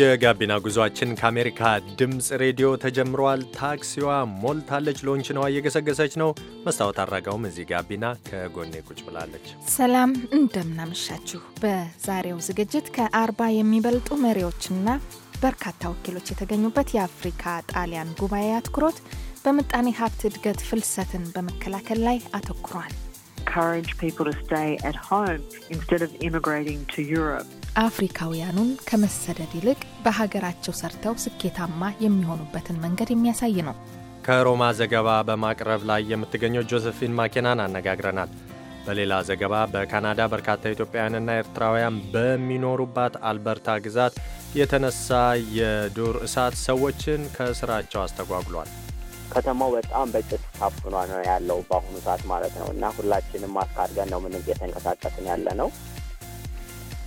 የጋቢና ጉዟችን ከአሜሪካ ድምፅ ሬዲዮ ተጀምሯል። ታክሲዋ ሞልታለች። ሎንች ነዋ እየገሰገሰች ነው። መስታወት አድረገውም እዚህ ጋቢና ከጎኔ ቁጭ ብላለች። ሰላም እንደምናመሻችሁ። በዛሬው ዝግጅት ከአርባ የሚበልጡ መሪዎችና በርካታ ወኪሎች የተገኙበት የአፍሪካ ጣሊያን ጉባኤ አትኩሮት በምጣኔ ሀብት እድገት ፍልሰትን በመከላከል ላይ አተኩሯል። አፍሪካውያኑን ከመሰደድ ይልቅ በሀገራቸው ሰርተው ስኬታማ የሚሆኑበትን መንገድ የሚያሳይ ነው። ከሮማ ዘገባ በማቅረብ ላይ የምትገኘው ጆዘፊን ማኬናን አነጋግረናል። በሌላ ዘገባ በካናዳ በርካታ ኢትዮጵያውያንና ኤርትራውያን በሚኖሩባት አልበርታ ግዛት የተነሳ የዱር እሳት ሰዎችን ከስራቸው አስተጓጉሏል። ከተማው በጣም በጭስ ታፍኗ ነው ያለው በአሁኑ ሰዓት ማለት ነው። እና ሁላችንም ማስክ አድርገን ነው ምን እየተንቀሳቀስን ያለ ነው።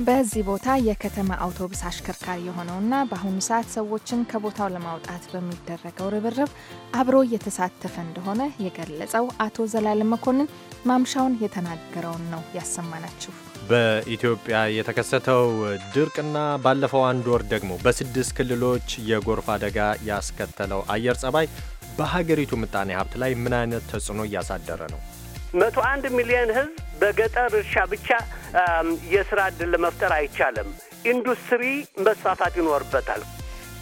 በዚህ ቦታ የከተማ አውቶቡስ አሽከርካሪ የሆነውና በአሁኑ ሰዓት ሰዎችን ከቦታው ለማውጣት በሚደረገው ርብርብ አብሮ እየተሳተፈ እንደሆነ የገለጸው አቶ ዘላለም መኮንን ማምሻውን የተናገረውን ነው ያሰማናችሁ። በኢትዮጵያ የተከሰተው ድርቅና ባለፈው አንድ ወር ደግሞ በስድስት ክልሎች የጎርፍ አደጋ ያስከተለው አየር ጸባይ በሀገሪቱ ምጣኔ ሀብት ላይ ምን አይነት ተጽዕኖ እያሳደረ ነው? መቶ አንድ ሚሊዮን ህዝብ በገጠር እርሻ ብቻ የስራ እድል ለመፍጠር አይቻልም። ኢንዱስትሪ መስፋፋት ይኖርበታል።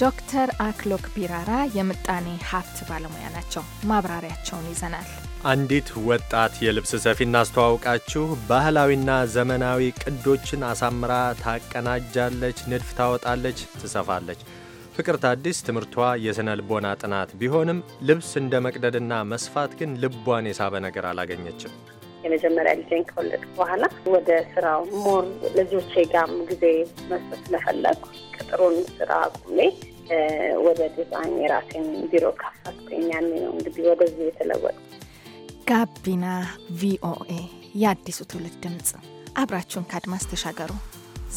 ዶክተር አክሎክ ቢራራ የምጣኔ ሀብት ባለሙያ ናቸው። ማብራሪያቸውን ይዘናል። አንዲት ወጣት የልብስ ሰፊ እናስተዋውቃችሁ። ባህላዊና ዘመናዊ ቅዶችን አሳምራ ታቀናጃለች፣ ንድፍ ታወጣለች፣ ትሰፋለች። ፍቅርተ አዲስ ትምህርቷ የሥነ ልቦና ጥናት ቢሆንም ልብስ እንደ መቅደድና መስፋት ግን ልቧን የሳበ ነገር አላገኘችም። የመጀመሪያ ልጄን ከወለድኩ በኋላ ወደ ስራው ሞር ልጆቼ ጋም ጊዜ መስጠት ስለፈለግኩ ቅጥሩን ስራ አቁሜ ወደ ዲዛይን የራሴን ቢሮ ከፈትኩኝ። ያኔ ነው እንግዲህ ወደዚህ የተለወጠ። ጋቢና ቪኦኤ የአዲሱ ትውልድ ድምፅ፣ አብራችሁን ከአድማስ ተሻገሩ።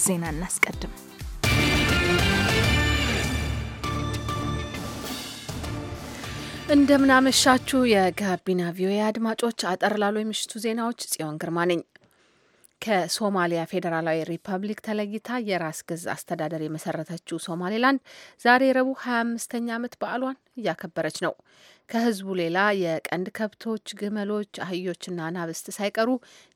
ዜና እናስቀድም። እንደምናመሻችሁ የጋቢና ቪኦኤ አድማጮች፣ አጠር ላሉ የምሽቱ ዜናዎች ጽዮን ግርማ ነኝ። ከሶማሊያ ፌዴራላዊ ሪፐብሊክ ተለይታ የራስ ገዝ አስተዳደር የመሰረተችው ሶማሌላንድ ዛሬ ረቡዕ 25ኛ ዓመት በዓሏን እያከበረች ነው። ከህዝቡ ሌላ የቀንድ ከብቶች፣ ግመሎች፣ አህዮችና አናብስት ሳይቀሩ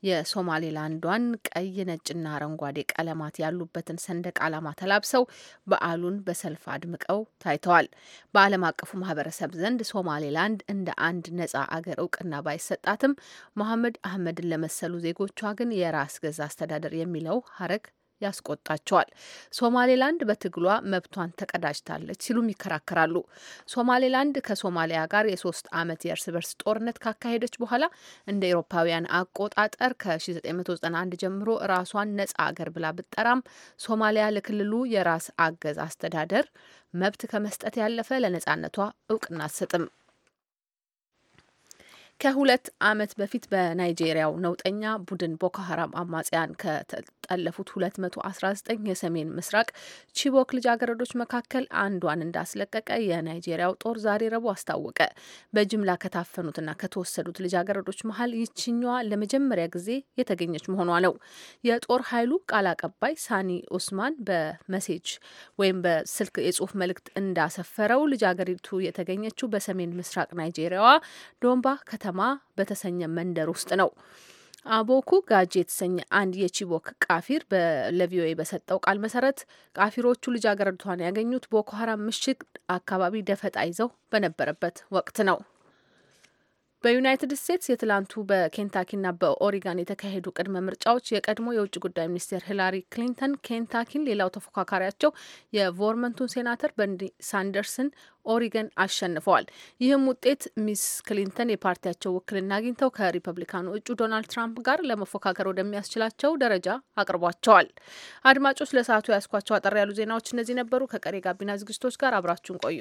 የሶማሌላንዷን ቀይ፣ ነጭና አረንጓዴ ቀለማት ያሉበትን ሰንደቅ ዓላማ ተላብሰው በዓሉን በሰልፍ አድምቀው ታይተዋል። በዓለም አቀፉ ማህበረሰብ ዘንድ ሶማሌላንድ እንደ አንድ ነጻ አገር እውቅና ባይሰጣትም መሐመድ አህመድን ለመሰሉ ዜጎቿ ግን የራስ ገዛ አስተዳደር የሚለው ሀረግ ያስቆጣቸዋል። ሶማሌላንድ በትግሏ መብቷን ተቀዳጅታለች ሲሉም ይከራከራሉ። ሶማሌላንድ ከሶማሊያ ጋር የሶስት ዓመት የእርስ በርስ ጦርነት ካካሄደች በኋላ እንደ ኤሮፓውያን አቆጣጠር ከ1991 ጀምሮ ራሷን ነጻ አገር ብላ ብጠራም ሶማሊያ ለክልሉ የራስ አገዝ አስተዳደር መብት ከመስጠት ያለፈ ለነጻነቷ እውቅና አትሰጥም። ከሁለት ዓመት በፊት በናይጄሪያው ነውጠኛ ቡድን ቦኮ ሀራም አማጽያን ካለፉት 219 የሰሜን ምስራቅ ቺቦክ ልጃገረዶች መካከል አንዷን እንዳስለቀቀ የናይጄሪያው ጦር ዛሬ ረቡዕ አስታወቀ። በጅምላ ከታፈኑትና ከተወሰዱት ልጃገረዶች መሀል ይችኛዋ ለመጀመሪያ ጊዜ የተገኘች መሆኗ ነው። የጦር ኃይሉ ቃል አቀባይ ሳኒ ኡስማን በመሴጅ ወይም በስልክ የጽሁፍ መልእክት እንዳሰፈረው ልጃገሪቱ የተገኘችው በሰሜን ምስራቅ ናይጄሪያዋ ዶምባ ከተማ በተሰኘ መንደር ውስጥ ነው። አቦኩ ጋጅ የተሰኘ አንድ የቺቦክ ቃፊር ለቪኦኤ በሰጠው ቃል መሰረት ቃፊሮቹ ልጃገረድቷን ያገኙት ቦኮ ሀራም ምሽግ አካባቢ ደፈጣ ይዘው በነበረበት ወቅት ነው። በዩናይትድ ስቴትስ የትላንቱ በኬንታኪና በኦሪጋን የተካሄዱ ቅድመ ምርጫዎች የቀድሞ የውጭ ጉዳይ ሚኒስቴር ሂላሪ ክሊንተን ኬንታኪን፣ ሌላው ተፎካካሪያቸው የቮርመንቱን ሴናተር በርኒ ሳንደርስን ኦሪገን አሸንፈዋል። ይህም ውጤት ሚስ ክሊንተን የፓርቲያቸው ውክልና አግኝተው ከሪፐብሊካኑ እጩ ዶናልድ ትራምፕ ጋር ለመፎካከር ወደሚያስችላቸው ደረጃ አቅርቧቸዋል። አድማጮች ለሰዓቱ ያስኳቸው አጠር ያሉ ዜናዎች እነዚህ ነበሩ። ከቀሪ ጋቢና ዝግጅቶች ጋር አብራችሁን ቆዩ።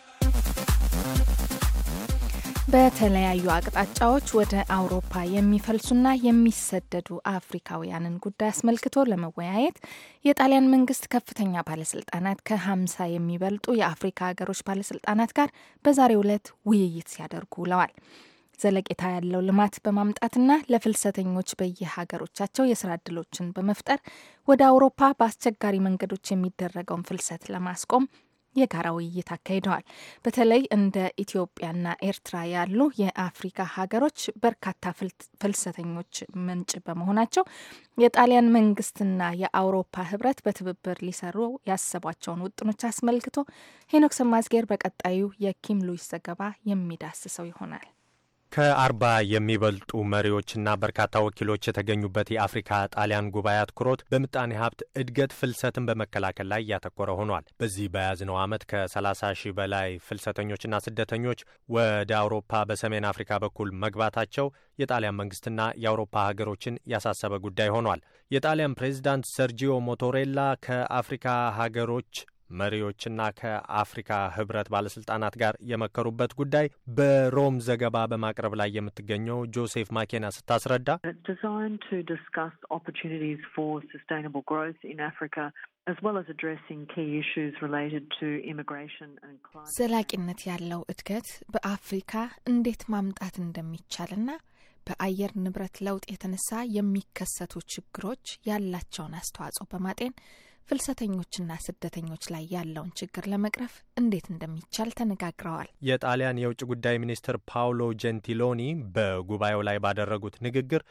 በተለያዩ አቅጣጫዎች ወደ አውሮፓ የሚፈልሱና የሚሰደዱ አፍሪካውያንን ጉዳይ አስመልክቶ ለመወያየት የጣሊያን መንግስት ከፍተኛ ባለስልጣናት ከሀምሳ የሚበልጡ የአፍሪካ ሀገሮች ባለስልጣናት ጋር በዛሬው ዕለት ውይይት ሲያደርጉ ውለዋል። ዘለቄታ ያለው ልማት በማምጣትና ለፍልሰተኞች በየሀገሮቻቸው የስራ እድሎችን በመፍጠር ወደ አውሮፓ በአስቸጋሪ መንገዶች የሚደረገውን ፍልሰት ለማስቆም የጋራ ውይይት አካሂደዋል። በተለይ እንደ ኢትዮጵያና ኤርትራ ያሉ የአፍሪካ ሀገሮች በርካታ ፍልሰተኞች ምንጭ በመሆናቸው የጣሊያን መንግስትና የአውሮፓ ህብረት በትብብር ሊሰሩ ያሰቧቸውን ውጥኖች አስመልክቶ ሄኖክ ሰማዝጌር በቀጣዩ የኪም ሉዊስ ዘገባ የሚዳስሰው ይሆናል። ከአርባ የሚበልጡ መሪዎችና በርካታ ወኪሎች የተገኙበት የአፍሪካ ጣሊያን ጉባኤ አትኩሮት በምጣኔ ሀብት እድገት ፍልሰትን በመከላከል ላይ እያተኮረ ሆኗል። በዚህ በያዝነው ዓመት ከ30 ሺህ በላይ ፍልሰተኞችና ስደተኞች ወደ አውሮፓ በሰሜን አፍሪካ በኩል መግባታቸው የጣሊያን መንግስትና የአውሮፓ ሀገሮችን ያሳሰበ ጉዳይ ሆኗል። የጣሊያን ፕሬዚዳንት ሰርጂዮ ሞቶሬላ ከአፍሪካ ሀገሮች መሪዎችና ከአፍሪካ ህብረት ባለስልጣናት ጋር የመከሩበት ጉዳይ በሮም ዘገባ በማቅረብ ላይ የምትገኘው ጆሴፍ ማኬና ስታስረዳ ዘላቂነት ያለው እድገት በአፍሪካ እንዴት ማምጣት እንደሚቻልና በአየር ንብረት ለውጥ የተነሳ የሚከሰቱ ችግሮች ያላቸውን አስተዋጽኦ በማጤን ፍልሰተኞችና ስደተኞች ላይ ያለውን ችግር ለመቅረፍ እንዴት እንደሚቻል ተነጋግረዋል። የጣሊያን የውጭ ጉዳይ ሚኒስትር ፓውሎ ጀንቲሎኒ በጉባኤው ላይ ባደረጉት ንግግር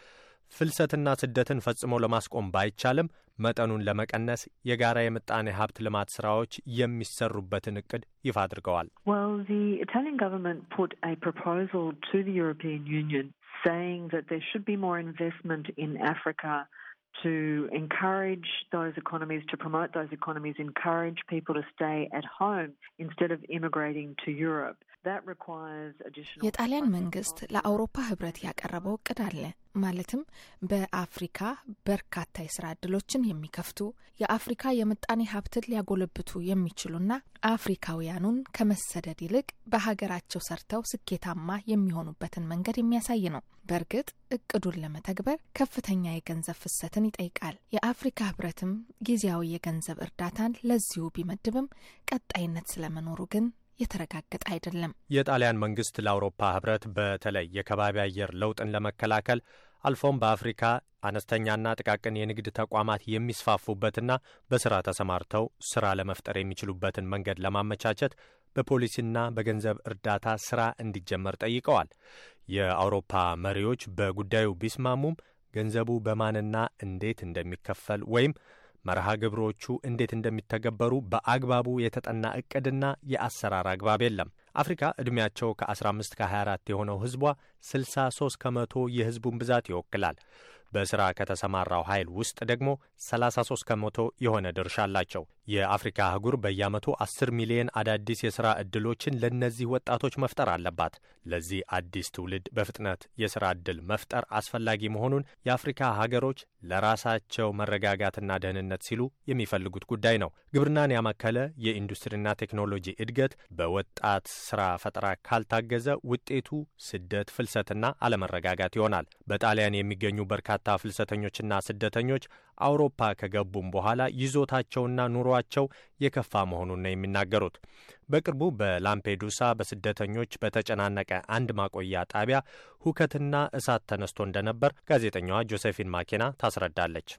ፍልሰትና ስደትን ፈጽሞ ለማስቆም ባይቻልም መጠኑን ለመቀነስ የጋራ የምጣኔ ሀብት ልማት ስራዎች የሚሰሩበትን እቅድ ይፋ አድርገዋል። to encourage those economies, to promote those economies, encourage people to stay at home instead of immigrating to Europe. That requires additional... የጣሊያን መንግስት ለአውሮፓ ህብረት ያቀረበው እቅድ አለ። ማለትም በአፍሪካ በርካታ የስራ እድሎችን የሚከፍቱ የአፍሪካ የምጣኔ ሀብትን ሊያጎለብቱ የሚችሉና አፍሪካውያኑን ከመሰደድ ይልቅ በሀገራቸው ሰርተው ስኬታማ የሚሆኑበትን መንገድ የሚያሳይ ነው። በእርግጥ እቅዱን ለመተግበር ከፍተኛ የገንዘብ ፍሰትን ይጠይቃል። የአፍሪካ ህብረትም ጊዜያዊ የገንዘብ እርዳታን ለዚሁ ቢመድብም ቀጣይነት ስለመኖሩ ግን የተረጋገጠ አይደለም። የጣሊያን መንግስት ለአውሮፓ ህብረት በተለይ የከባቢ አየር ለውጥን ለመከላከል አልፎም በአፍሪካ አነስተኛና ጥቃቅን የንግድ ተቋማት የሚስፋፉበትና በስራ ተሰማርተው ስራ ለመፍጠር የሚችሉበትን መንገድ ለማመቻቸት በፖሊሲና በገንዘብ እርዳታ ስራ እንዲጀመር ጠይቀዋል። የአውሮፓ መሪዎች በጉዳዩ ቢስማሙም ገንዘቡ በማንና እንዴት እንደሚከፈል ወይም መርሃ ግብሮቹ እንዴት እንደሚተገበሩ በአግባቡ የተጠና እቅድና የአሰራር አግባብ የለም። አፍሪካ ዕድሜያቸው ከ15 ከ24 የሆነው ሕዝቧ 63 ከመቶ የሕዝቡን ብዛት ይወክላል። በሥራ ከተሰማራው ኃይል ውስጥ ደግሞ 33 ከመቶ የሆነ ድርሻ አላቸው። የአፍሪካ አህጉር በየዓመቱ 10 ሚሊዮን አዳዲስ የሥራ ዕድሎችን ለእነዚህ ወጣቶች መፍጠር አለባት። ለዚህ አዲስ ትውልድ በፍጥነት የሥራ ዕድል መፍጠር አስፈላጊ መሆኑን የአፍሪካ ሀገሮች ለራሳቸው መረጋጋትና ደህንነት ሲሉ የሚፈልጉት ጉዳይ ነው። ግብርናን ያማከለ የኢንዱስትሪና ቴክኖሎጂ እድገት በወጣት ሥራ ፈጠራ ካልታገዘ ውጤቱ ስደት፣ ፍልሰትና አለመረጋጋት ይሆናል። በጣሊያን የሚገኙ በርካታ ፍልሰተኞችና ስደተኞች አውሮፓ ከገቡም በኋላ ይዞታቸውና ኑሯቸው የከፋ መሆኑን ነው የሚናገሩት። በቅርቡ በላምፔዱሳ በስደተኞች በተጨናነቀ አንድ ማቆያ ጣቢያ ሁከትና እሳት ተነስቶ እንደነበር ጋዜጠኛዋ ጆሴፊን ማኬና ታስረዳለች።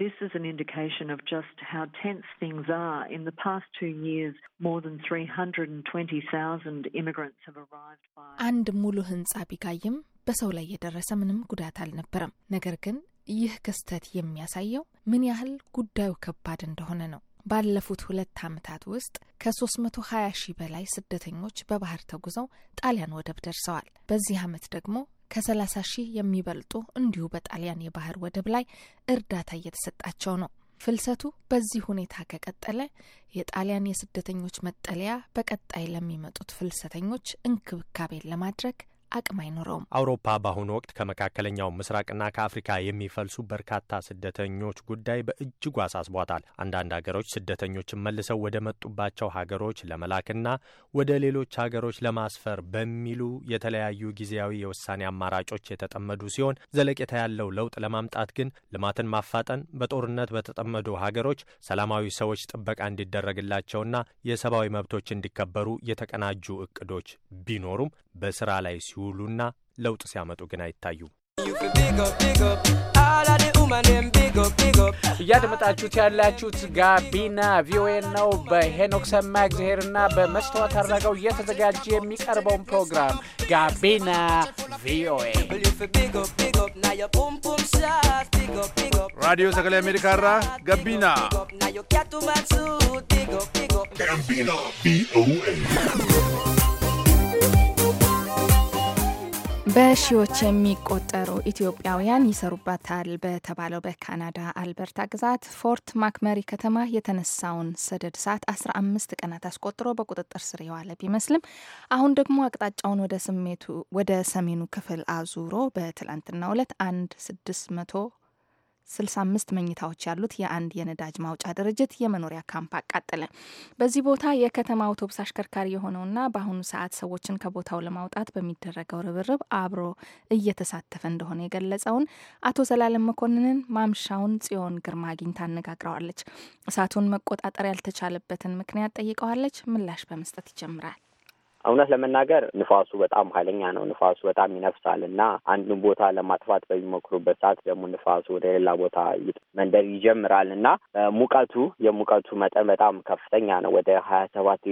This is an indication of just how tense things are. In the past two years, more than 320,000 immigrants have arrived by... በሰው ላይ የደረሰ ምንም ጉዳት አልነበረም። ነገር ግን ይህ ክስተት የሚያሳየው ምን ያህል ጉዳዩ ከባድ እንደሆነ ነው። ባለፉት ሁለት ዓመታት ውስጥ ከ320 ሺህ በላይ ስደተኞች በባህር ተጉዘው ጣሊያን ወደብ ደርሰዋል። በዚህ ዓመት ደግሞ ከ30 ሺህ የሚበልጡ እንዲሁ በጣሊያን የባህር ወደብ ላይ እርዳታ እየተሰጣቸው ነው። ፍልሰቱ በዚህ ሁኔታ ከቀጠለ የጣሊያን የስደተኞች መጠለያ በቀጣይ ለሚመጡት ፍልሰተኞች እንክብካቤን ለማድረግ አቅም አይኖረውም። አውሮፓ በአሁኑ ወቅት ከመካከለኛው ምስራቅና ከአፍሪካ የሚፈልሱ በርካታ ስደተኞች ጉዳይ በእጅጉ አሳስቧታል። አንዳንድ ሀገሮች ስደተኞችን መልሰው ወደ መጡባቸው ሀገሮች ለመላክና ወደ ሌሎች ሀገሮች ለማስፈር በሚሉ የተለያዩ ጊዜያዊ የውሳኔ አማራጮች የተጠመዱ ሲሆን ዘለቄታ ያለው ለውጥ ለማምጣት ግን ልማትን ማፋጠን፣ በጦርነት በተጠመዱ ሀገሮች ሰላማዊ ሰዎች ጥበቃ እንዲደረግላቸውና የሰብአዊ መብቶች እንዲከበሩ የተቀናጁ እቅዶች ቢኖሩም በስራ ላይ ሲ ሲውሉና ለውጥ ሲያመጡ ግን አይታዩም። እያደመጣችሁት ያላችሁት ጋቢና ቪኦኤ ነው። በሄኖክ ሰማ እግዚአብሔርና በመስተዋት አድረገው እየተዘጋጀ የሚቀርበውን ፕሮግራም ጋቢና ቪኦኤ ራዲዮ ሰገሌ አሜሪካ ራ ጋቢና ጋቢና ቪኦኤ በሺዎች የሚቆጠሩ ኢትዮጵያውያን ይሰሩበታል በተባለው በካናዳ አልበርታ ግዛት ፎርት ማክመሪ ከተማ የተነሳውን ሰደድ እሳት 15 ቀናት አስቆጥሮ በቁጥጥር ስር የዋለ ቢመስልም አሁን ደግሞ አቅጣጫውን ወደ ስሜቱ ወደ ሰሜኑ ክፍል አዙሮ በትላንትናው ዕለት አንድ 600 65 መኝታዎች ያሉት የአንድ የነዳጅ ማውጫ ድርጅት የመኖሪያ ካምፕ አቃጠለ። በዚህ ቦታ የከተማ አውቶቡስ አሽከርካሪ የሆነውና በአሁኑ ሰዓት ሰዎችን ከቦታው ለማውጣት በሚደረገው ርብርብ አብሮ እየተሳተፈ እንደሆነ የገለጸውን አቶ ዘላለም መኮንንን ማምሻውን ጽዮን ግርማ አግኝታ አነጋግረዋለች። እሳቱን መቆጣጠር ያልተቻለበትን ምክንያት ጠይቀዋለች። ምላሽ በመስጠት ይጀምራል። እውነት ለመናገር ንፋሱ በጣም ኃይለኛ ነው። ንፋሱ በጣም ይነፍሳል እና አንዱን ቦታ ለማጥፋት በሚሞክሩበት ሰዓት ደግሞ ንፋሱ ወደ ሌላ ቦታ መንደር ይጀምራል እና ሙቀቱ የሙቀቱ መጠን በጣም ከፍተኛ ነው። ወደ ሀያ ሰባት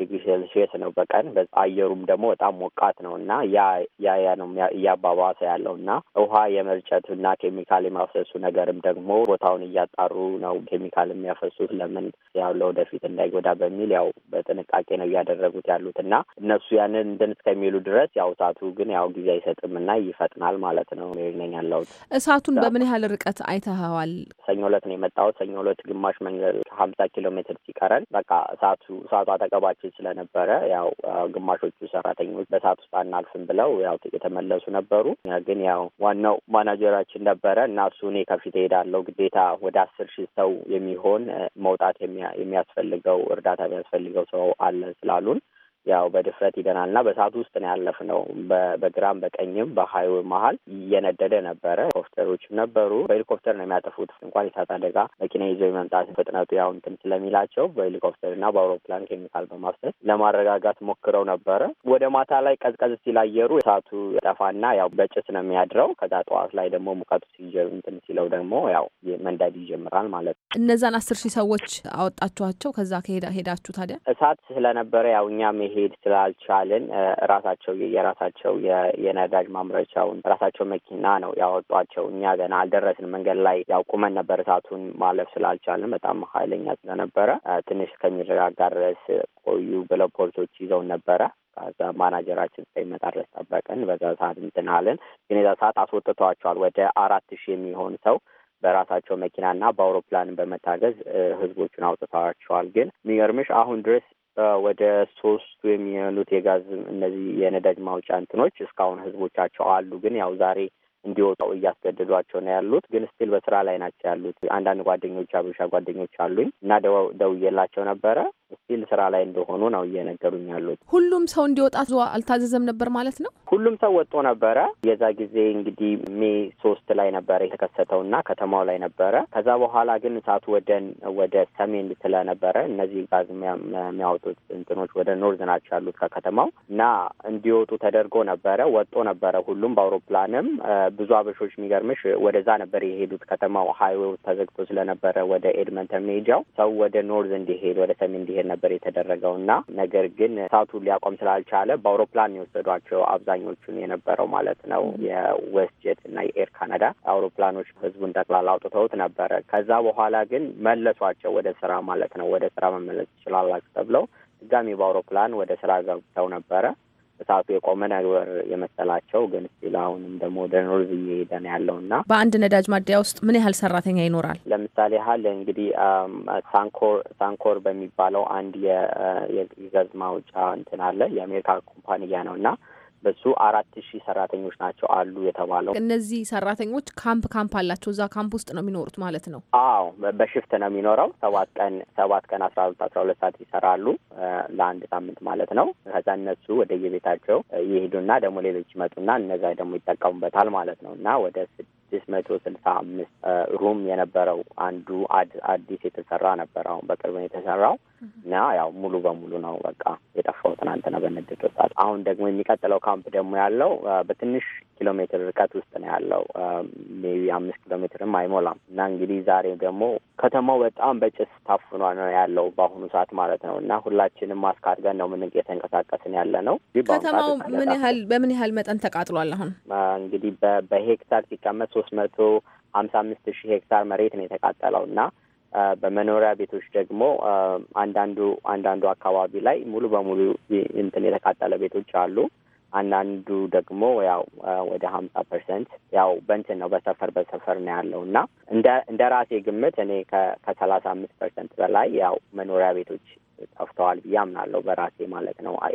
ዲግሪ ሴልሲየስ ነው በቀን አየሩም ደግሞ በጣም ሞቃት ነው እና ያ ያ ነው እያባባሰ ያለው እና ውሃ የመርጨት እና ኬሚካል የማፍሰሱ ነገርም ደግሞ ቦታውን እያጣሩ ነው ኬሚካል የሚያፈሱት ለምን ያለ ወደፊት እንዳይጎዳ በሚል ያው በጥንቃቄ ነው እያደረጉት ያሉት እና እነሱ ያንን እንትን እስከሚሉ ድረስ ያው እሳቱ ግን ያው ጊዜ አይሰጥም እና ይፈጥናል ማለት ነው። ነኝ ያለሁት እሳቱን በምን ያህል ርቀት አይተኸዋል? ሰኞ ዕለት ነው የመጣሁት። ሰኞ ዕለት ግማሽ መንገድ ሀምሳ ኪሎ ሜትር ሲቀረን በቃ እሳቱ እሳቱ አጠገባችን ስለነበረ ያው ግማሾቹ ሰራተኞች በእሳት ውስጥ አናልፍም ብለው ያው የተመለሱ ነበሩ። ግን ያው ዋናው ማናጀራችን ነበረ እና እሱ እኔ ከፊት ሄዳለው ግዴታ ወደ አስር ሺህ ሰው የሚሆን መውጣት የሚያስፈልገው እርዳታ የሚያስፈልገው ሰው አለ ስላሉን ያው በድፍረት ይደናል እና በሰዓቱ ውስጥ ነው ያለፍነው። በግራም በቀኝም በሀይዌ መሀል እየነደደ ነበረ። ሄሊኮፕተሮችም ነበሩ። በሄሊኮፕተር ነው የሚያጠፉት። እንኳን የእሳት አደጋ መኪና ይዘው የመምጣት ፍጥነቱ ያው እንትን ስለሚላቸው በሄሊኮፕተር እና በአውሮፕላን ኬሚካል በማፍሰስ ለማረጋጋት ሞክረው ነበረ። ወደ ማታ ላይ ቀዝቀዝ ሲል አየሩ እሳቱ ጠፋና ያው በጭስ ነው የሚያድረው። ከዛ ጠዋት ላይ ደግሞ ሙቀቱ ሲጀር እንትን ሲለው ደግሞ ያው መንዳድ ይጀምራል ማለት ነው። እነዛን አስር ሺህ ሰዎች አወጣችኋቸው? ከዛ ሄዳችሁ ታዲያ እሳት ስለነበረ ያው እኛም መሄድ ስላልቻልን ራሳቸው የራሳቸው የነዳጅ ማምረቻውን ራሳቸው መኪና ነው ያወጧቸው። እኛ ገና አልደረስን። መንገድ ላይ ያውቁመን ነበር እሳቱን ማለፍ ስላልቻልን በጣም ኃይለኛ ስለነበረ ትንሽ ከሚረጋጋ ድረስ ቆዩ ብለው ፖሊሶች ይዘውን ነበረ። ከዛ ማናጀራችን እስከሚመጣ ድረስ ጠበቅን። በዛ ሰዓት እንትን አልን። ግን የዛ ሰዓት አስወጥተዋቸዋል። ወደ አራት ሺህ የሚሆን ሰው በራሳቸው መኪናና በአውሮፕላን በመታገዝ ህዝቦቹን አውጥተዋቸዋል። ግን የሚገርምሽ አሁን ድረስ ወደ ሶስቱ የሚሆኑት የጋዝ እነዚህ የነዳጅ ማውጫ እንትኖች እስካሁን ህዝቦቻቸው አሉ። ግን ያው ዛሬ እንዲወጣው እያስገደዷቸው ነው ያሉት። ግን ስቲል በስራ ላይ ናቸው ያሉት። አንዳንድ ጓደኞች አብሻ ጓደኞች አሉኝ እና ደውዬላቸው ነበረ። ስቲል ስራ ላይ እንደሆኑ ነው እየነገሩኝ ያሉት። ሁሉም ሰው እንዲወጣ አልታዘዘም ነበር ማለት ነው። ሁሉም ሰው ወጥቶ ነበረ። የዛ ጊዜ እንግዲህ ሜ ሶስት ላይ ነበረ የተከሰተው እና ከተማው ላይ ነበረ። ከዛ በኋላ ግን እሳቱ ወደን ወደ ሰሜን ስለነበረ እነዚህ ጋዝ የሚያወጡት እንትኖች ወደ ኖርዝ ናቸው ያሉት ከከተማው እና እንዲወጡ ተደርጎ ነበረ። ወጦ ነበረ ሁሉም በአውሮፕላንም ብዙ አበሾች የሚገርምሽ ወደዛ ነበር የሄዱት። ከተማው ሀይዌው ተዘግቶ ስለነበረ ወደ ኤድመንተን መሄጃው ሰው ወደ ኖርዝ እንዲሄድ ወደ ሰሜን እንዲሄድ ነበር የተደረገው እና ነገር ግን እሳቱ ሊያቆም ስላልቻለ በአውሮፕላን የወሰዷቸው አብዛኛው አውሮፕላኖቹን የነበረው ማለት ነው። የዌስት ጄት እና የኤር ካናዳ አውሮፕላኖች ህዝቡን ጠቅላላ አውጥተውት ነበረ። ከዛ በኋላ ግን መለሷቸው ወደ ስራ ማለት ነው። ወደ ስራ መመለስ ትችላላችሁ ተብለው ድጋሚ በአውሮፕላን ወደ ስራ ገብተው ነበረ። እሳቱ የቆመ ነገር የመሰላቸው ግን ስቲል አሁንም ደግሞ ወደ ኖርዝ እየሄደ ነው ያለው እና በአንድ ነዳጅ ማደያ ውስጥ ምን ያህል ሰራተኛ ይኖራል? ለምሳሌ ያህል እንግዲህ ሳንኮር ሳንኮር በሚባለው አንድ የገዝ ማውጫ እንትን አለ የአሜሪካ ኩባንያ ነው እና በሱ አራት ሺህ ሰራተኞች ናቸው አሉ የተባለው። እነዚህ ሰራተኞች ካምፕ ካምፕ አላቸው እዛ ካምፕ ውስጥ ነው የሚኖሩት ማለት ነው? አዎ በሽፍት ነው የሚኖረው። ሰባት ቀን ሰባት ቀን አስራ ሁለት አስራ ሁለት ሰዓት ይሰራሉ ለአንድ ሳምንት ማለት ነው። ከዛ እነሱ ወደ የቤታቸው ይሄዱና ደግሞ ሌሎች ይመጡና እነዛ ደግሞ ይጠቀሙበታል ማለት ነው እና ወደ ስድስት መቶ ስልሳ አምስት ሩም የነበረው አንዱ አዲስ የተሰራ ነበር። አሁን በቅርብ የተሰራው እና ያው ሙሉ በሙሉ ነው በቃ የጠፋው ትናንትና በንድድ ወጣት። አሁን ደግሞ የሚቀጥለው ካምፕ ደግሞ ያለው በትንሽ ኪሎ ሜትር ርቀት ውስጥ ነው ያለው ሜይ ቢ አምስት ኪሎ ሜትርም አይሞላም እና እንግዲህ ዛሬ ደግሞ ከተማው በጣም በጭስ ታፍኗ ነው ያለው በአሁኑ ሰዓት ማለት ነው እና ሁላችንም ማስክ አድርገን ነው ምን የተንቀሳቀስን ያለ ነው። ከተማው ምን ያህል በምን ያህል መጠን ተቃጥሏል? አሁን እንግዲህ በሄክታር ሲቀመጥ ሶስት መቶ ሀምሳ አምስት ሺህ ሄክታር መሬት ነው የተቃጠለው እና በመኖሪያ ቤቶች ደግሞ አንዳንዱ አንዳንዱ አካባቢ ላይ ሙሉ በሙሉ እንትን የተቃጠለ ቤቶች አሉ። አንዳንዱ ደግሞ ያው ወደ ሀምሳ ፐርሰንት ያው በእንትን ነው በሰፈር በሰፈር ነው ያለው እና እንደ ራሴ ግምት እኔ ከሰላሳ አምስት ፐርሰንት በላይ ያው መኖሪያ ቤቶች ጠፍተዋል ብዬ አምናለሁ በራሴ ማለት ነው አይ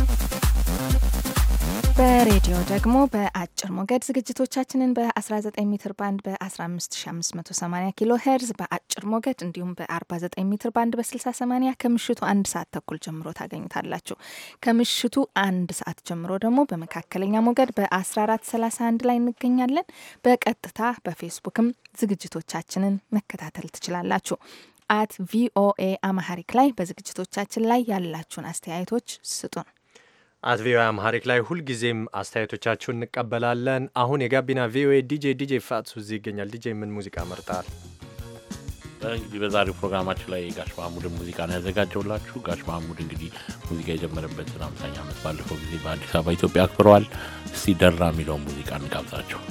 በሬዲዮ ደግሞ በአጭር ሞገድ ዝግጅቶቻችንን በ19 ሜትር ባንድ በ15580 ኪሎ ሄርዝ በአጭር ሞገድ እንዲሁም በ49 ሜትር ባንድ በ6080 ከምሽቱ አንድ ሰዓት ተኩል ጀምሮ ታገኙታላችሁ። ከምሽቱ አንድ ሰዓት ጀምሮ ደግሞ በመካከለኛ ሞገድ በ1431 ላይ እንገኛለን። በቀጥታ በፌስቡክም ዝግጅቶቻችንን መከታተል ትችላላችሁ። አት ቪኦኤ አማሐሪክ ላይ በዝግጅቶቻችን ላይ ያላችሁን አስተያየቶች ስጡን። አት ቪኦኤ አምሃሪክ ላይ ሁልጊዜም አስተያየቶቻችሁ እንቀበላለን። አሁን የጋቢና ቪኦኤ ዲጄ ዲጄ ፋትሱ እዚህ ይገኛል። ዲጄ ምን ሙዚቃ መርጣል? እንግዲህ በዛሬው ፕሮግራማችን ላይ ጋሽ ማሙድን ሙዚቃ ነው ያዘጋጀውላችሁ። ጋሽ ማሙድ እንግዲህ ሙዚቃ የጀመረበትን አምሳኛ ዓመት ባለፈው ጊዜ በአዲስ አበባ ኢትዮጵያ አክብረዋል። እስቲ ደራ የሚለውን ሙዚቃ እንጋብዛቸው።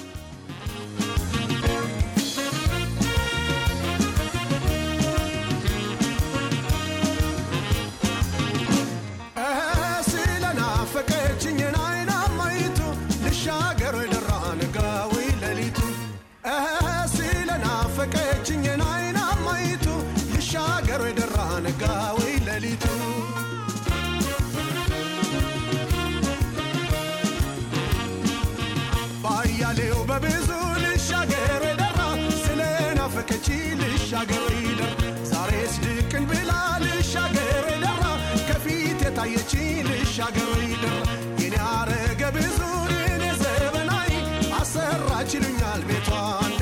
ሻገር የኔ አረገ ብዙ ዘበናይ ቤቷን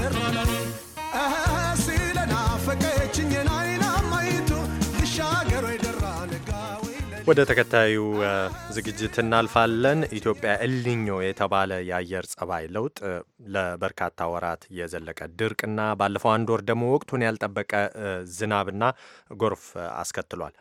ስለናፈቀችኝ ናይና ማይቱ ይደራ ነጋ ወደ ተከታዩ ዝግጅት እናልፋለን። ኢትዮጵያ እልኞ የተባለ የአየር ጸባይ ለውጥ ለበርካታ ወራት የዘለቀ ድርቅና ባለፈው አንድ ወር ደግሞ ወቅቱን ያልጠበቀ ዝናብና ጎርፍ አስከትሏል።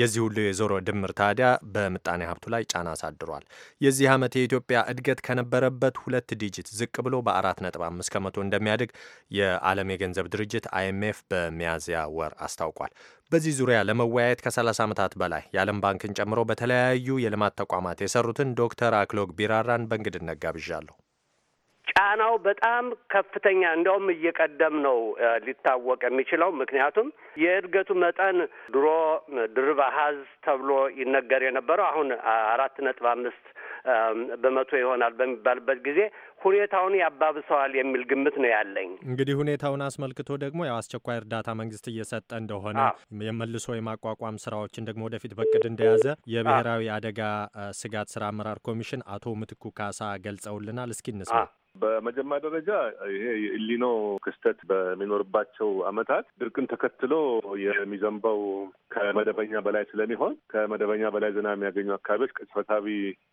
የዚህ ሁሉ የዞሮ ድምር ታዲያ በምጣኔ ሀብቱ ላይ ጫና አሳድሯል። የዚህ ዓመት የኢትዮጵያ እድገት ከነበረበት ሁለት ዲጂት ዝቅ ብሎ በ4.5 ከመቶ እንደሚያድግ የዓለም የገንዘብ ድርጅት አይኤምኤፍ በሚያዝያ ወር አስታውቋል። በዚህ ዙሪያ ለመወያየት ከ30 ዓመታት በላይ የዓለም ባንክን ጨምሮ በተለያዩ የልማት ተቋማት የሰሩትን ዶክተር አክሎግ ቢራራን በእንግድነት ጋብዣለሁ። ጫናው በጣም ከፍተኛ እንደውም እየቀደም ነው ሊታወቅ የሚችለው። ምክንያቱም የእድገቱ መጠን ድሮ ድርብ አሀዝ ተብሎ ይነገር የነበረው አሁን አራት ነጥብ አምስት በመቶ ይሆናል በሚባልበት ጊዜ ሁኔታውን ያባብሰዋል የሚል ግምት ነው ያለኝ። እንግዲህ ሁኔታውን አስመልክቶ ደግሞ ያው አስቸኳይ እርዳታ መንግስት እየሰጠ እንደሆነ የመልሶ የማቋቋም ስራዎችን ደግሞ ወደፊት በቅድ እንደያዘ የብሔራዊ አደጋ ስጋት ስራ አመራር ኮሚሽን አቶ ምትኩ ካሳ ገልጸውልናል። እስኪ እንስማ። በመጀመሪያ ደረጃ ይሄ የኢሊኖ ክስተት በሚኖርባቸው አመታት ድርቅን ተከትሎ የሚዘንበው ከመደበኛ በላይ ስለሚሆን ከመደበኛ በላይ ዝናብ የሚያገኙ አካባቢዎች ቅጽበታዊ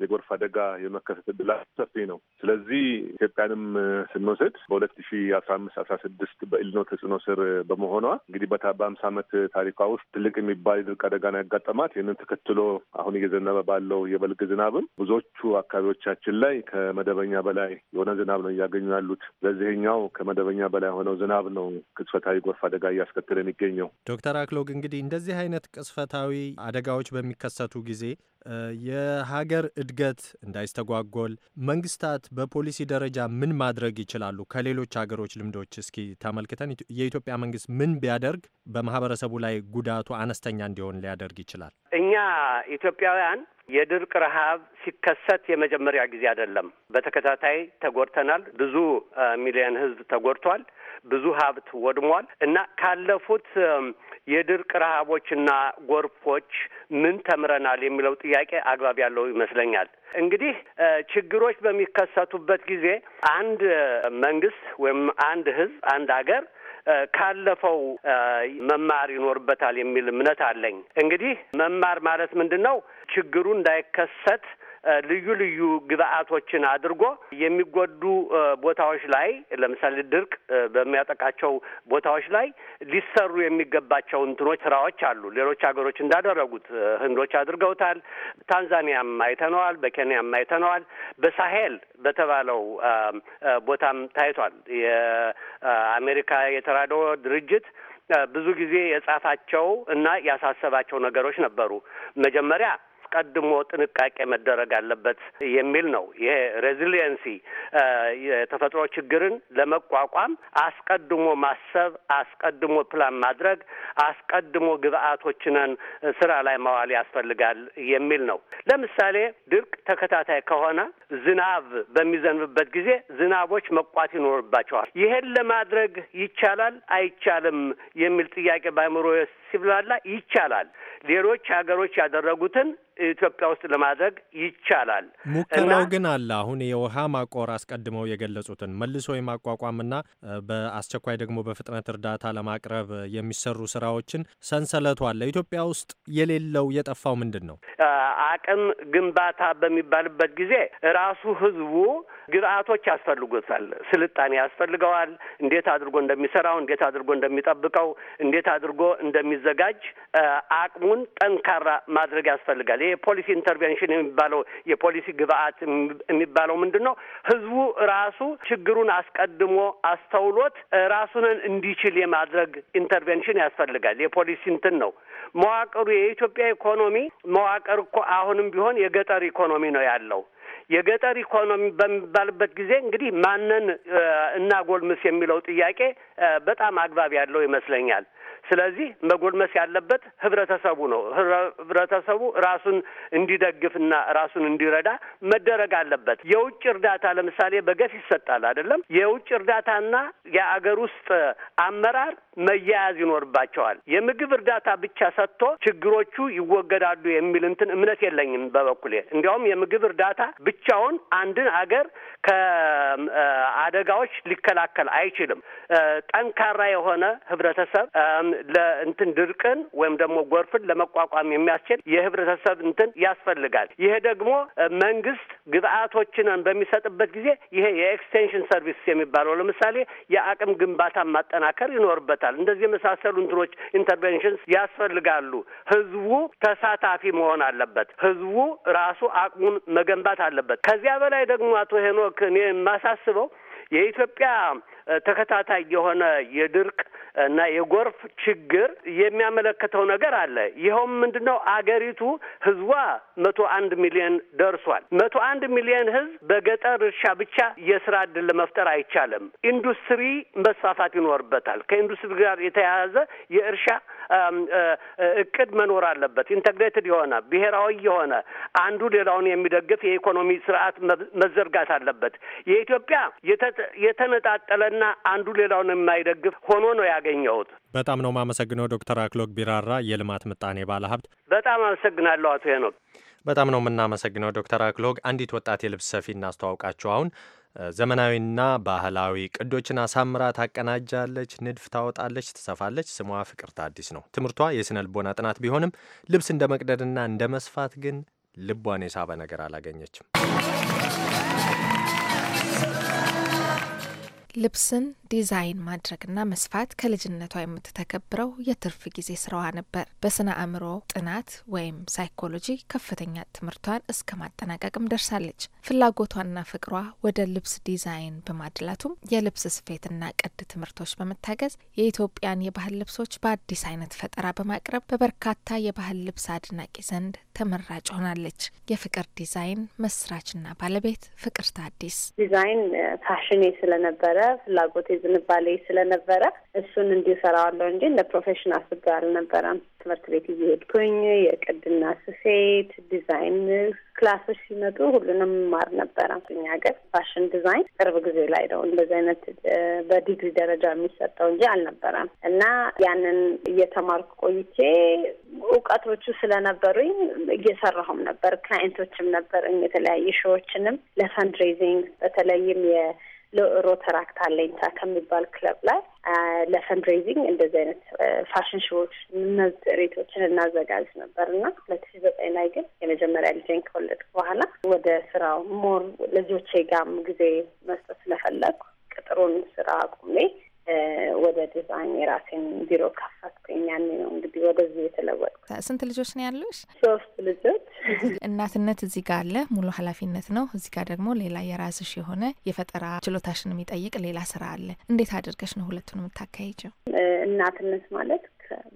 የጎርፍ አደጋ የመከሰት ዕድሉ ሰፊ ነው። ስለዚህ ኢትዮጵያንም ስንወስድ በሁለት ሺ አስራ አምስት አስራ ስድስት በኢሊኖ ተጽዕኖ ስር በመሆኗ እንግዲህ በታ በአምሳ ዓመት ታሪኳ ውስጥ ትልቅ የሚባል የድርቅ አደጋን ያጋጠማት ይህንን ተከትሎ አሁን እየዘነበ ባለው የበልግ ዝናብም ብዙዎቹ አካባቢዎቻችን ላይ ከመደበኛ በላይ የሆነ ዝናብ ዝናብ ነው እያገኙ ያሉት። ለዚህኛው ከመደበኛ በላይ የሆነው ዝናብ ነው ቅጽበታዊ ጎርፍ አደጋ እያስከተለ የሚገኘው። ዶክተር አክሎግ እንግዲህ እንደዚህ አይነት ቅጽበታዊ አደጋዎች በሚከሰቱ ጊዜ የሀገር እድገት እንዳይስተጓጎል መንግስታት በፖሊሲ ደረጃ ምን ማድረግ ይችላሉ? ከሌሎች ሀገሮች ልምዶች እስኪ ተመልክተን የኢትዮጵያ መንግስት ምን ቢያደርግ በማህበረሰቡ ላይ ጉዳቱ አነስተኛ እንዲሆን ሊያደርግ ይችላል? እኛ ኢትዮጵያውያን የድርቅ ረሃብ ሲከሰት የመጀመሪያ ጊዜ አይደለም። በተከታታይ ተጎድተናል። ብዙ ሚሊዮን ህዝብ ተጎድቷል። ብዙ ሀብት ወድሟል እና ካለፉት የድርቅ ረሃቦችና ጎርፎች ምን ተምረናል የሚለው ጥያቄ አግባብ ያለው ይመስለኛል። እንግዲህ ችግሮች በሚከሰቱበት ጊዜ አንድ መንግስት ወይም አንድ ህዝብ፣ አንድ አገር ካለፈው መማር ይኖርበታል የሚል እምነት አለኝ። እንግዲህ መማር ማለት ምንድን ነው? ችግሩ እንዳይከሰት ልዩ ልዩ ግብአቶችን አድርጎ የሚጎዱ ቦታዎች ላይ ለምሳሌ ድርቅ በሚያጠቃቸው ቦታዎች ላይ ሊሰሩ የሚገባቸው እንትኖች ስራዎች አሉ። ሌሎች ሀገሮች እንዳደረጉት ህንዶች አድርገውታል። ታንዛኒያም አይተነዋል። በኬንያም አይተነዋል። በሳሄል በተባለው ቦታም ታይቷል። የአሜሪካ የተራድኦ ድርጅት ብዙ ጊዜ የጻፋቸው እና ያሳሰባቸው ነገሮች ነበሩ። መጀመሪያ አስቀድሞ ጥንቃቄ መደረግ አለበት የሚል ነው። ይሄ ሬዚሊየንሲ የተፈጥሮ ችግርን ለመቋቋም አስቀድሞ ማሰብ፣ አስቀድሞ ፕላን ማድረግ፣ አስቀድሞ ግብአቶችንን ስራ ላይ ማዋል ያስፈልጋል የሚል ነው። ለምሳሌ ድርቅ ተከታታይ ከሆነ ዝናብ በሚዘንብበት ጊዜ ዝናቦች መቋት ይኖርባቸዋል። ይሄን ለማድረግ ይቻላል አይቻልም የሚል ጥያቄ በአእምሮ ሲብላላ ይቻላል። ሌሎች ሀገሮች ያደረጉትን ኢትዮጵያ ውስጥ ለማድረግ ይቻላል። ሙከራው ግን አለ። አሁን የውሃ ማቆር አስቀድመው የገለጹትን መልሶ የማቋቋምና በአስቸኳይ ደግሞ በፍጥነት እርዳታ ለማቅረብ የሚሰሩ ስራዎችን ሰንሰለቱ አለ። ኢትዮጵያ ውስጥ የሌለው የጠፋው ምንድን ነው? አቅም ግንባታ በሚባልበት ጊዜ ራሱ ህዝቡ ግብአቶች ያስፈልጉታል። ስልጣኔ ያስፈልገዋል። እንዴት አድርጎ እንደሚሰራው፣ እንዴት አድርጎ እንደሚጠብቀው፣ እንዴት አድርጎ እንደሚ እንዲዘጋጅ አቅሙን ጠንካራ ማድረግ ያስፈልጋል። ይሄ የፖሊሲ ኢንተርቬንሽን የሚባለው የፖሊሲ ግብአት የሚባለው ምንድን ነው? ህዝቡ ራሱ ችግሩን አስቀድሞ አስተውሎት ራሱንን እንዲችል የማድረግ ኢንተርቬንሽን ያስፈልጋል። የፖሊሲ እንትን ነው መዋቅሩ። የኢትዮጵያ ኢኮኖሚ መዋቅር እኮ አሁንም ቢሆን የገጠር ኢኮኖሚ ነው ያለው። የገጠር ኢኮኖሚ በሚባልበት ጊዜ እንግዲህ ማንን እና ጎልምስ የሚለው ጥያቄ በጣም አግባብ ያለው ይመስለኛል። ስለዚህ መጎልመስ ያለበት ህብረተሰቡ ነው። ህብረተሰቡ ራሱን እንዲደግፍና ራሱን እንዲረዳ መደረግ አለበት። የውጭ እርዳታ ለምሳሌ በገፍ ይሰጣል አይደለም። የውጭ እርዳታና የአገር ውስጥ አመራር መያያዝ ይኖርባቸዋል። የምግብ እርዳታ ብቻ ሰጥቶ ችግሮቹ ይወገዳሉ የሚል እንትን እምነት የለኝም በበኩሌ። እንዲያውም የምግብ እርዳታ ብቻውን አንድን አገር ከአደጋዎች ሊከላከል አይችልም። ጠንካራ የሆነ ህብረተሰብ ለእንትን ድርቅን ወይም ደግሞ ጎርፍን ለመቋቋም የሚያስችል የህብረተሰብ እንትን ያስፈልጋል። ይሄ ደግሞ መንግስት ግብአቶችን በሚሰጥበት ጊዜ ይሄ የኤክስቴንሽን ሰርቪስ የሚባለው ለምሳሌ የአቅም ግንባታ ማጠናከር ይኖርበታል። ይኖርበታል። እንደዚህ የመሳሰሉ እንትኖች ኢንተርቬንሽንስ ያስፈልጋሉ። ህዝቡ ተሳታፊ መሆን አለበት። ህዝቡ ራሱ አቅሙን መገንባት አለበት። ከዚያ በላይ ደግሞ አቶ ሄኖክ እኔ የማሳስበው የኢትዮጵያ ተከታታይ የሆነ የድርቅ እና የጎርፍ ችግር የሚያመለክተው ነገር አለ። ይኸውም ምንድን ነው? አገሪቱ ህዝቧ መቶ አንድ ሚሊዮን ደርሷል። መቶ አንድ ሚሊዮን ህዝብ በገጠር እርሻ ብቻ የስራ እድል ለመፍጠር አይቻልም። ኢንዱስትሪ መስፋፋት ይኖርበታል። ከኢንዱስትሪ ጋር የተያያዘ የእርሻ እቅድ መኖር አለበት። ኢንተግሬትድ የሆነ ብሔራዊ የሆነ አንዱ ሌላውን የሚደግፍ የኢኮኖሚ ስርዓት መዘርጋት አለበት። የኢትዮጵያ የተነጣጠለና አንዱ ሌላውን የማይደግፍ ሆኖ ነው ያገኘሁት። በጣም ነው የማመሰግነው ዶክተር አክሎግ ቢራራ የልማት ምጣኔ ባለሀብት። በጣም አመሰግናለሁ አቶ ሄኖክ። በጣም ነው የምናመሰግነው ዶክተር አክሎግ። አንዲት ወጣት የልብስ ሰፊ እናስተዋውቃችሁ አሁን ዘመናዊና ባህላዊ ቅዶችን አሳምራ ታቀናጃለች፣ ንድፍ ታወጣለች፣ ትሰፋለች። ስሟ ፍቅርተ አዲስ ነው። ትምህርቷ የስነ ልቦና ጥናት ቢሆንም ልብስ እንደ መቅደድና እንደ መስፋት ግን ልቧን የሳበ ነገር አላገኘችም። ልብስን ዲዛይን ማድረግና መስፋት ከልጅነቷ የምትተከብረው የትርፍ ጊዜ ስራዋ ነበር። በስነ አእምሮ ጥናት ወይም ሳይኮሎጂ ከፍተኛ ትምህርቷን እስከ ማጠናቀቅም ደርሳለች። ፍላጎቷና ፍቅሯ ወደ ልብስ ዲዛይን በማድላቱም የልብስ ስፌትና ቅድ ትምህርቶች በመታገዝ የኢትዮጵያን የባህል ልብሶች በአዲስ አይነት ፈጠራ በማቅረብ በበርካታ የባህል ልብስ አድናቂ ዘንድ ተመራጭ ሆናለች። የፍቅር ዲዛይን መስራችና ባለቤት ፍቅርተ አዲስ ዲዛይን ፋሽኔ ስለነበረ ፍላጎቴ ዝንባሌ ስለነበረ እሱን እንዲሁ እንጂ እንደ ፕሮፌሽን አስቤ አልነበረም። ትምህርት ቤት እየሄድኩኝ የቅድና ስፌት፣ ዲዛይን ክላሶች ሲመጡ ሁሉንም ማር ነበረ። እኛ ሀገር ፋሽን ዲዛይን ቅርብ ጊዜ ላይ ነው እንደዚህ አይነት በዲግሪ ደረጃ የሚሰጠው እንጂ አልነበረም እና ያንን እየተማርኩ ቆይቼ እውቀቶቹ ስለነበሩኝ እየሰራሁም ነበር። ክላይንቶችም ነበር የተለያየ ሾዎችንም ለፈንድሬዚንግ በተለይም ሮተራክት አለኝታ ከሚባል ክለብ ላይ ለፈንድሬዚንግ እንደዚህ አይነት ፋሽን ሾዎች መሬቶችን እናዘጋጅ ነበር እና ሁለት ሺ ዘጠኝ ላይ ግን የመጀመሪያ ልጄን ከወለድኩ በኋላ ወደ ስራው ሞር ልጆቼ ጋም ጊዜ መስጠት ስለፈለግኩ ቅጥሩን ስራ አቁሜ ወደ ዲዛይን የራሴን ቢሮ ከፈትኩኝ። ያኔ ነው ወደዚህ የተለወጥኩ። ስንት ልጆች ነው ያሉሽ? ሶስት ልጆች። እናትነት እዚህ ጋር አለ፣ ሙሉ ኃላፊነት ነው። እዚህ ጋር ደግሞ ሌላ የራስሽ የሆነ የፈጠራ ችሎታሽን የሚጠይቅ ሌላ ስራ አለ። እንዴት አድርገሽ ነው ሁለቱን የምታካሄጀው? እናትነት ማለት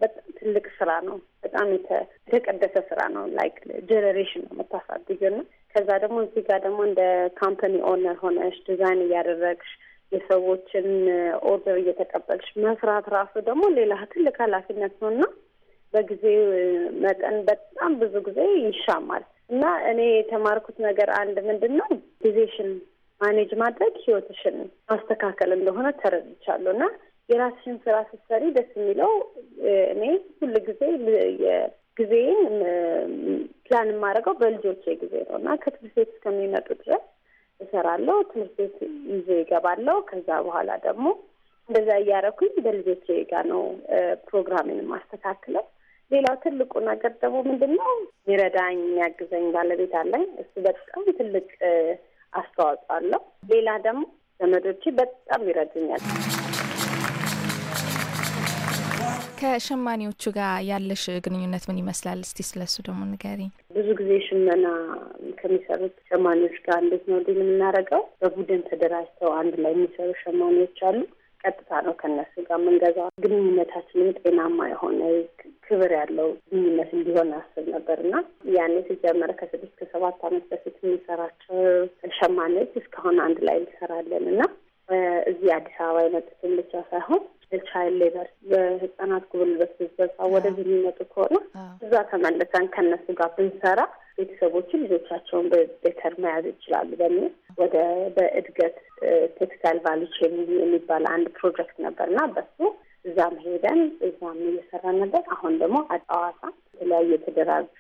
በጣም ትልቅ ስራ ነው። በጣም የተቀደሰ ስራ ነው። ላይክ ጀኔሬሽን ነው የምታሳድጊው እና ከዛ ደግሞ እዚህ ጋር ደግሞ እንደ ካምፓኒ ኦነር ሆነሽ ዲዛይን እያደረግሽ የሰዎችን ኦርደር እየተቀበልሽ መስራት ራሱ ደግሞ ሌላ ትልቅ ኃላፊነት ነው እና በጊዜ መጠን በጣም ብዙ ጊዜ ይሻማል እና እኔ የተማርኩት ነገር አንድ ምንድን ነው ጊዜሽን ማኔጅ ማድረግ ህይወትሽን ማስተካከል እንደሆነ ተረድቻለሁ እና የራስሽን ስራ ስትሰሪ ደስ የሚለው እኔ ሁል ጊዜ ጊዜን ፕላን የማደርገው በልጆቼ ጊዜ ነው እና ከትምህርት ቤት እስከሚመጡ ድረስ እሰራለሁ። ትምህርት ቤት ይዤ ይገባለሁ። ከዛ በኋላ ደግሞ እንደዛ እያደረኩኝ በልጆቼ ጋ ነው ፕሮግራሜን ማስተካክለው። ሌላው ትልቁ ነገር ደግሞ ምንድን ነው የሚረዳኝ የሚያግዘኝ ባለቤት አለኝ። እሱ በጣም ትልቅ አስተዋጽኦ አለው። ሌላ ደግሞ ዘመዶቼ በጣም ይረዱኛል። ከሸማኔዎቹ ጋር ያለሽ ግንኙነት ምን ይመስላል? እስቲ ስለሱ ደግሞ ንገሪ። ብዙ ጊዜ ሽመና ከሚሰሩት ሸማኔዎች ጋር እንዴት ነው ዲል የምናደርገው? በቡድን ተደራጅተው አንድ ላይ የሚሰሩ ሸማኔዎች አሉ። ቀጥታ ነው ከነሱ ጋር የምንገዛው። ግንኙነታችንም ጤናማ የሆነ ክብር ያለው ግንኙነት እንዲሆን አስብ ነበር እና ያኔ ሲጀመረ ከስድስት ከሰባት ዓመት በፊት የሚሰራቸው ሸማኔዎች እስካሁን አንድ ላይ እንሰራለን እና እዚህ አዲስ አበባ የመጡትን ብቻ ሳይሆን የቻይልድ ሌበር የህጻናት ጉልበት ብዝበዛ ወደዚህ የሚመጡ ከሆነ እዛ ተመልሰን ከነሱ ጋር ብንሰራ ቤተሰቦችን ልጆቻቸውን በቤተር መያዝ ይችላሉ በሚል ወደ በእድገት ቴክስታይል ቫልዩ የሚባል አንድ ፕሮጀክት ነበር እና በሱ እዛም ሄደን እዛም እየሰራን ነበር። አሁን ደግሞ አጫዋታ የተለያዩ የተደራጁ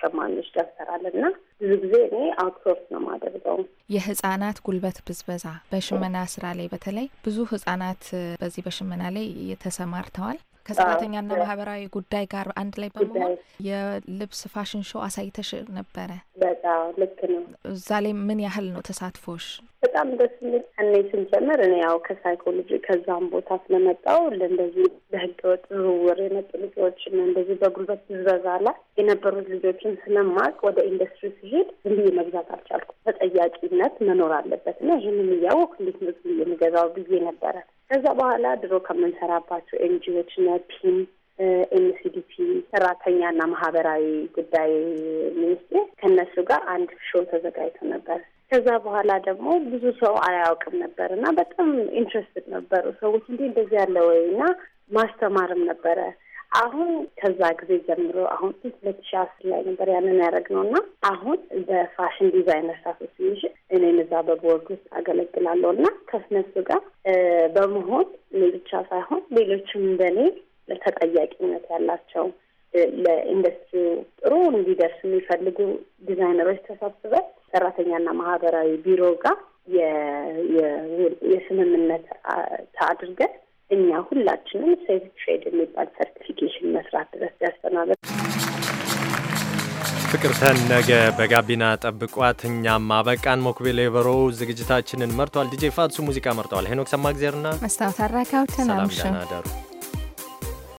ሸማኞች ደፍተራል እና ብዙ ጊዜ እኔ አውትሶርስ ነው የማደርገው። የህጻናት ጉልበት ብዝበዛ በሽመና ስራ ላይ በተለይ ብዙ ህጻናት በዚህ በሽመና ላይ ተሰማርተዋል። ከሰራተኛና ማህበራዊ ጉዳይ ጋር አንድ ላይ በመሆን የልብስ ፋሽን ሾው አሳይተሽ ነበረ። በጣም ልክ ነው። እዛ ላይ ምን ያህል ነው ተሳትፎሽ? በጣም ደስ የሚል እኔ ስንጀምር እኔ ያው ከሳይኮሎጂ ከዛም ቦታ ስለመጣው እንደዚህ በህገወጥ ዝውውር የመጡ ልጆችን እንደዚህ በጉልበት ብዝበዛ ላይ የነበሩት ልጆችን ስለማቅ ወደ ኢንዱስትሪ ሲሄድ ዝም ብዬ መግዛት አልቻልኩ። ተጠያቂነት መኖር አለበት እና ይህንን እያወቅኩ እንዴት ምግብ የምገዛው ብዬ ነበረ ከዛ በኋላ ድሮ ከምንሰራባቸው ኤንጂዎች ነ ፒም ኤንሲዲፒ ሰራተኛና ማህበራዊ ጉዳይ ሚኒስቴር ከእነሱ ጋር አንድ ሾው ተዘጋጅቶ ነበር። ከዛ በኋላ ደግሞ ብዙ ሰው አያውቅም ነበር እና በጣም ኢንትረስትድ ነበሩ ሰዎች እንዲ እንደዚህ ያለ ወይ እና ማስተማርም ነበረ አሁን ከዛ ጊዜ ጀምሮ አሁን ሁለት ሺ አስር ላይ ነበር ያንን ያደረግነው እና አሁን በፋሽን ዲዛይነር አሶሲዬሽን እኔም እዛ በቦርድ ውስጥ አገለግላለሁ እና ከእነሱ ጋር በመሆን እኔ ብቻ ሳይሆን ሌሎችም በኔ ተጠያቂነት ያላቸው ለኢንዱስትሪ ጥሩ እንዲደርስ የሚፈልጉ ዲዛይነሮች ተሰብስበን ሰራተኛና ማህበራዊ ቢሮ ጋር የስምምነት ተአድርገን እኛ ሁላችንም ሴፍ ትሬድ የሚባል ሰርቲፊኬሽን መስራት ድረስ ያስተናበል ፍቅር ሰን ነገ በጋቢና ጠብቋት። እኛም አበቃን። ሞክቤል የበሮ ዝግጅታችንን መርቷል። ዲጄ ፋትሱ ሙዚቃ መርጠዋል። ሄኖክ ሰማግዜርና መስታወት አራካው ተናምሽ